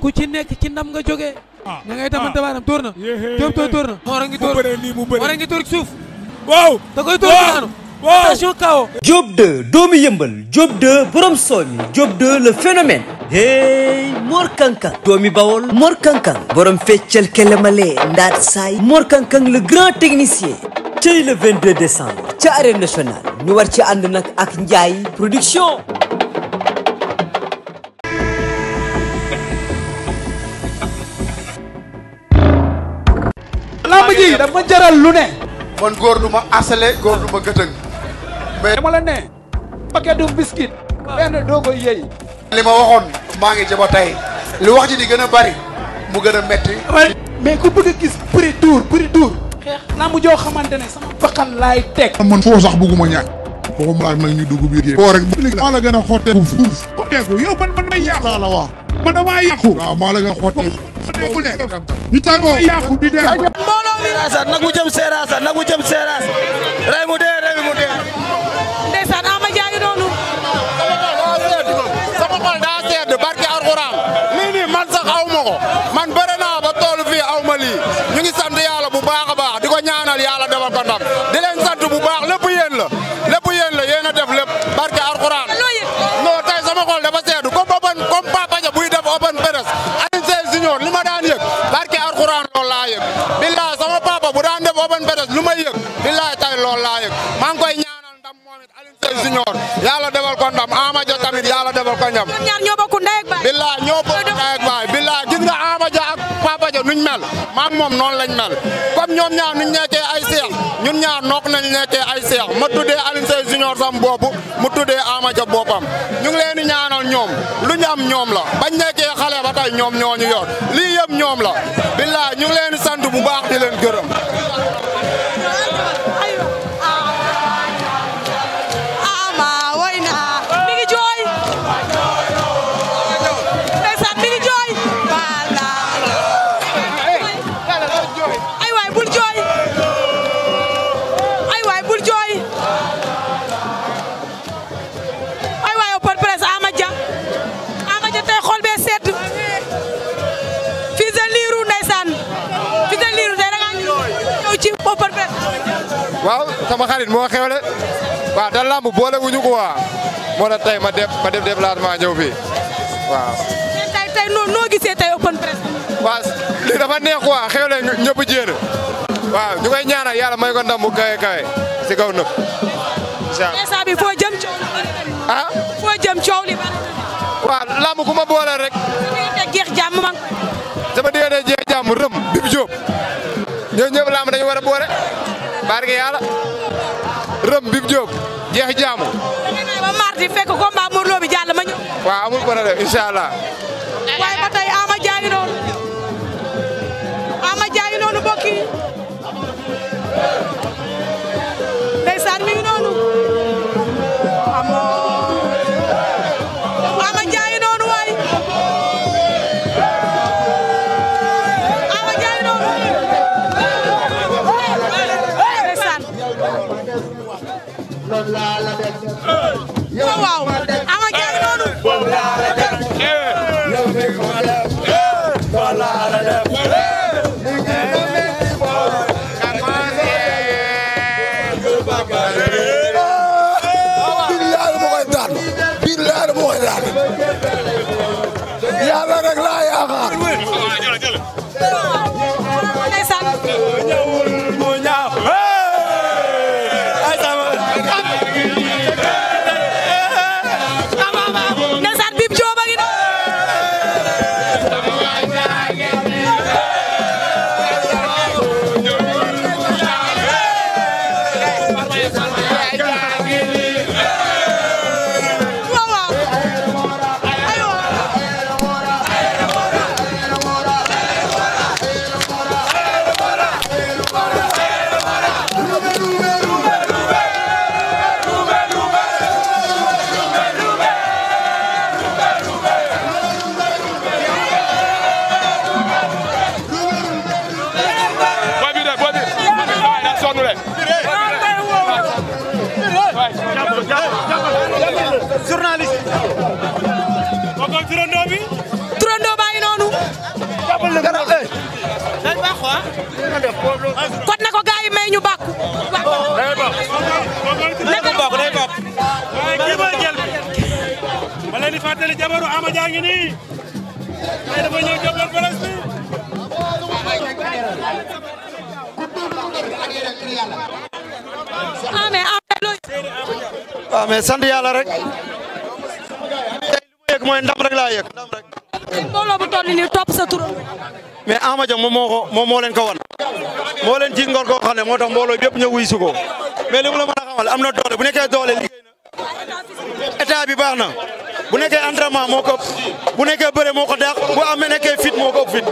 ku ci nekk ci nam nga jógee. ah da ngay damante ah. baaraam door na. Diop tooy door na. Mor a ngi door Mor a ngi door suuf. waaw da koy door daanu. waaw attention K.O. Diop 2 doomu yëmbal Diop 2 borom soomi Diop 2 le phénomène. hey Mor Kankang doomi Bawol Mor Kankang borom feccal kelemale ndaat saay Mor Kankang le grand technicien. tey le 22 décembre ci arène nationale ñu war ci ànd nag ak Ndiaye production. lamb ji dama jaral lu ne. man góor du ma asale góor du ma gëtëng. mais dama la ne. paquet du biscuit. benn doo ko yëy. li ma waxoon maa ngi jaba tey. lu wax ji di gën a bari mu gën a metti. mais ku bëgg a gis prix dur prix dur. xeex naa joo xamante ne sama bakkan laay teg. man foo sax bëgguma ñàkk. waxuma laa nag ñu dugg biir yéen. foo rek maa la gën a xotteeku fuuf. xotteeku yow man man may yàqu. la wax man damaa yàqu. waaw maa la gën a xotteeku. ku nekk ñu tàngoo yàqu di dee. mbooloo mi Seeraas nagu jëm Seeraas jëm Seeraas rey mu dee rey mu dee. ndeysaan Ama Dia ngi noonu. sama xol daa sedd barke alxuraan lii nii man sax aw ma ko man bëre naa ba toolu fii aw ma lii ñu ngi sant bu baax baax di ko ñaanal yàlla defal ko ndam. champion laayëg maa ngi koy ñaanal ndam moom it Alioune Seye Junior yàlla defal ko ndam Ama Dia tamit yàlla defal ko ndam ñoom ñaar ñoo bokk ndey ak baay billaay ñoo bokk ndey ak baay billaay gis nga Ama Dia ak Papa Dia nuñ mel maam moom noonu lañ mel comme ñoom ñaar nuñ nekkee ay seex ñun ñaar nook nañ nekkee ay seex ma tuddee Alioune Seye Junior sam bopp mu tuddee Ama Dia boppam ñu ngi leen di ñaanal ñoom lu ñu ñoom la bañ nekkee xale ba tey ñoom ñoo ñu yor lii ñoom la billaay ñu ngi leen di bu baax di leen waaw sama xarit moo xewle waaw da lamb boole wuñu ko waa moo tax tey ma def ma def déplacement ñëw fii waaw. tey tey noo noo gisee tey open press. waaw dafa neex quoi xewle ñëpp jéer waaw ñu koy ñaanal yàlla may ko ndam bu kawe kawe kaw nëpp. incha allah instant bi foo jëm coow li bari na. ah foo jëm coow li bari na. waaw lamb ku ma boole rek. jeex jàmm man. sama diggante rëm Dip Diop ñooñu ñëpp lamb dañu war a boole. barke yàlla rëm bib Diop jeex jaamu. ba mardi fekk combat Modou Lo bi jàll ma ñëw. waaw amul problème incha allah. waaye ba tey Ama Dia ngi noonu Ama Dia la la def. waaw waaw. mais sant yàlla rek. yëg mooy ndam rek laa yëg ndam rek. mbooloo bu toll nii topp sa tur. mais Ama Dia moom moo ko moom moo leen ko wan moo leen ci ngor koo moo tax mbooloo bi yëpp ñëw wuy si ko mais li mu la mën a am na doole bu nekkee doole liggéey na état bi baax na bu nekkee entraînement moo ko ëpp bu nekkee bëre moo ko dàq bu amee nekkee fit moo ko ëpp fit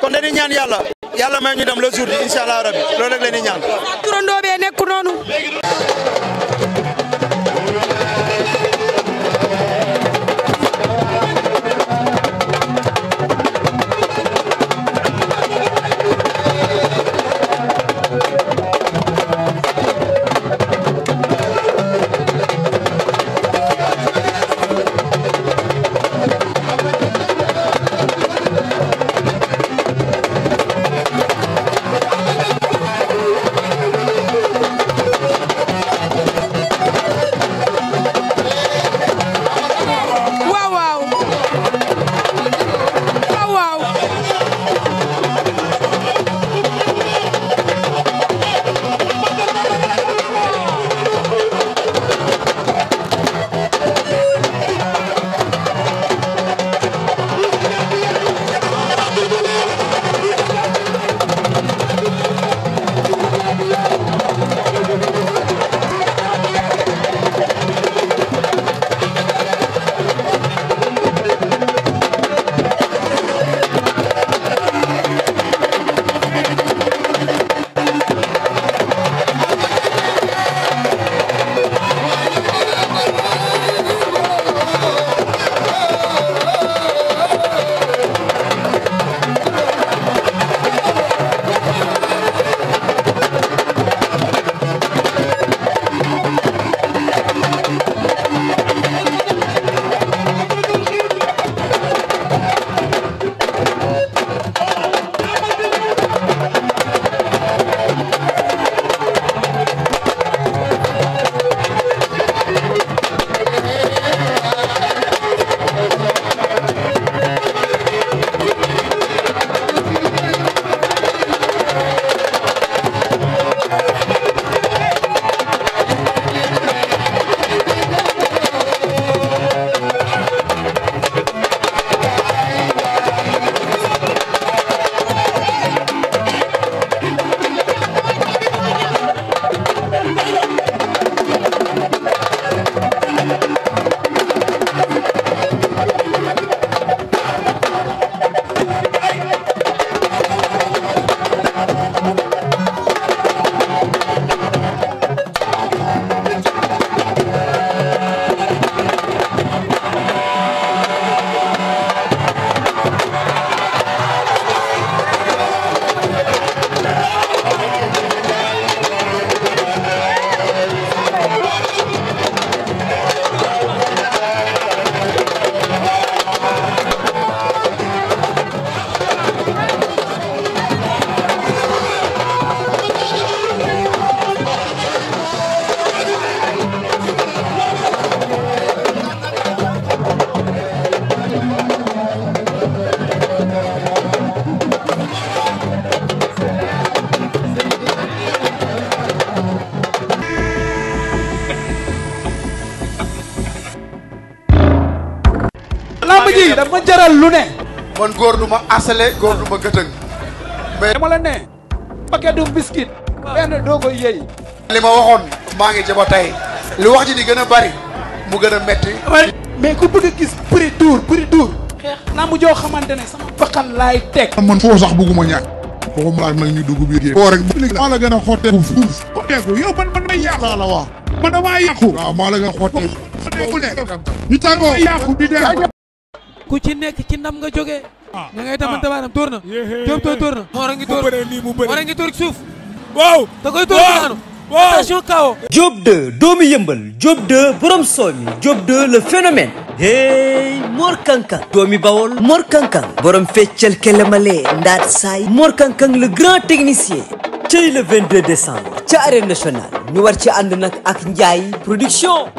kon dañuy ñaan yàlla yàlla may ñu dem le jour bi incha allah rabi loolu rek la ñuy ñaan. turandoo bee nekk noonu. ma jaral lu ne. man góor du ma asale góor du ma gëtëng. mais dama la ne. paquetu biscuit. benn doo koy yëy. li ma waxoon maa ngi jaba tey. li wax ji di gën a bari mu gën a metti mais ku bëgg a gis prix dur prix dur. xeex naa mu joo xamante ne sama bakkan laay teg. man foo sax bëgguma ñàkk. waxuma rek. maa la gën a xotteeku fuuf. xotteeku yow man man may yàqu. laa la wax man damaa yàqu. waaw maa la gën a xotteeku. ñu tàngoo yàqu di dem. ku ci nekk ci ndam nga jógee. ah da ngay damante ah. baaram door na. Diop tooy door na. Mor a ngi door Mor a ngi door suuf. waaw da koy door daanu. waaw attention K.O. Diop 2 doomu yëmbal Diop 2 borom soomi Diop 2 le phénomène. hey Mor Kankang doomi Bawol Mor Kankang borom feccal kelemale ndaat saay Mor Kankang le grand technicien. cey le 22 décembre ca arène nationale ñu war ci ànd nag ak Ndiaye production.